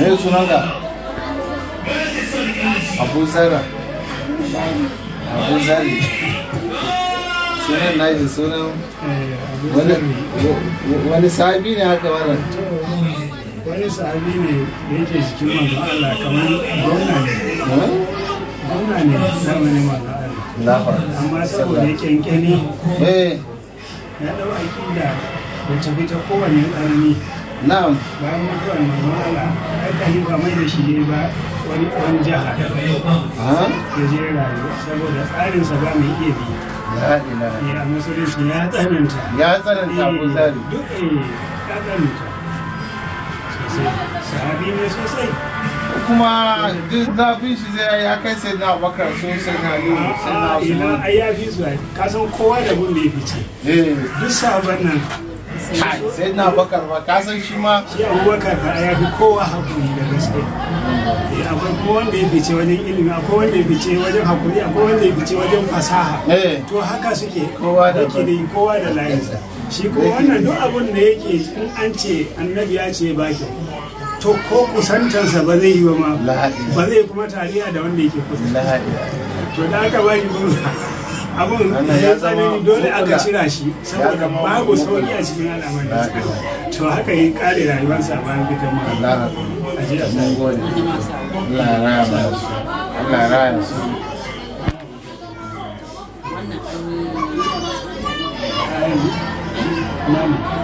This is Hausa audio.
Ne sunan ka? Abu Zara. Abu Zari. sunan na shi suna wani sahabi ne haka wannan wani sahabi ne da yake jikin manzo Allah kamar gwamna ne gwamna ne zamanin manzo Allah amma saboda yake kyankyani eh. ya dau aƙida da tafi ta kowane ƙarni na'am ba bayan mutuwar mamala aka yi ba mai da shi ne ba wani wani jiha da ah? je rayuwa saboda tsarinsa ba mai iya biyu. ya musulunci ya tsananta ya tsananta ko eh, tsari duk eh, ya tsananta sosai sahabi ne sosai kuma duk zafin shi zai ya kai sai na bakar so sai na yi sai na su ai ya fi zuwa kasan kowa da gun da ya fice eh. duk sabon nan kai sai na bakar ba ka san shi ma shi abubakar da ya fi kowa hakuri da gaske eh, akwai ko wanda ya fice wajen ilimi akwai wanda ya fice wajen hakuri akwai wanda ya fice wajen fasaha eh. to haka suke kowa da yake kowa da layinsa shi ko wannan duk abun da yake in an ce annabi ya ce ba ki to ko kusantarsa ba zai yi ba ma ba zai kuma tariya da wanda yake kusa to da aka bari mun abin ya tsanani dole aka cira shi saboda babu sauki a cikin al'amarin to haka yi kare rayuwarsa bayan ta ma a ji a sai Allah raya su Thank you.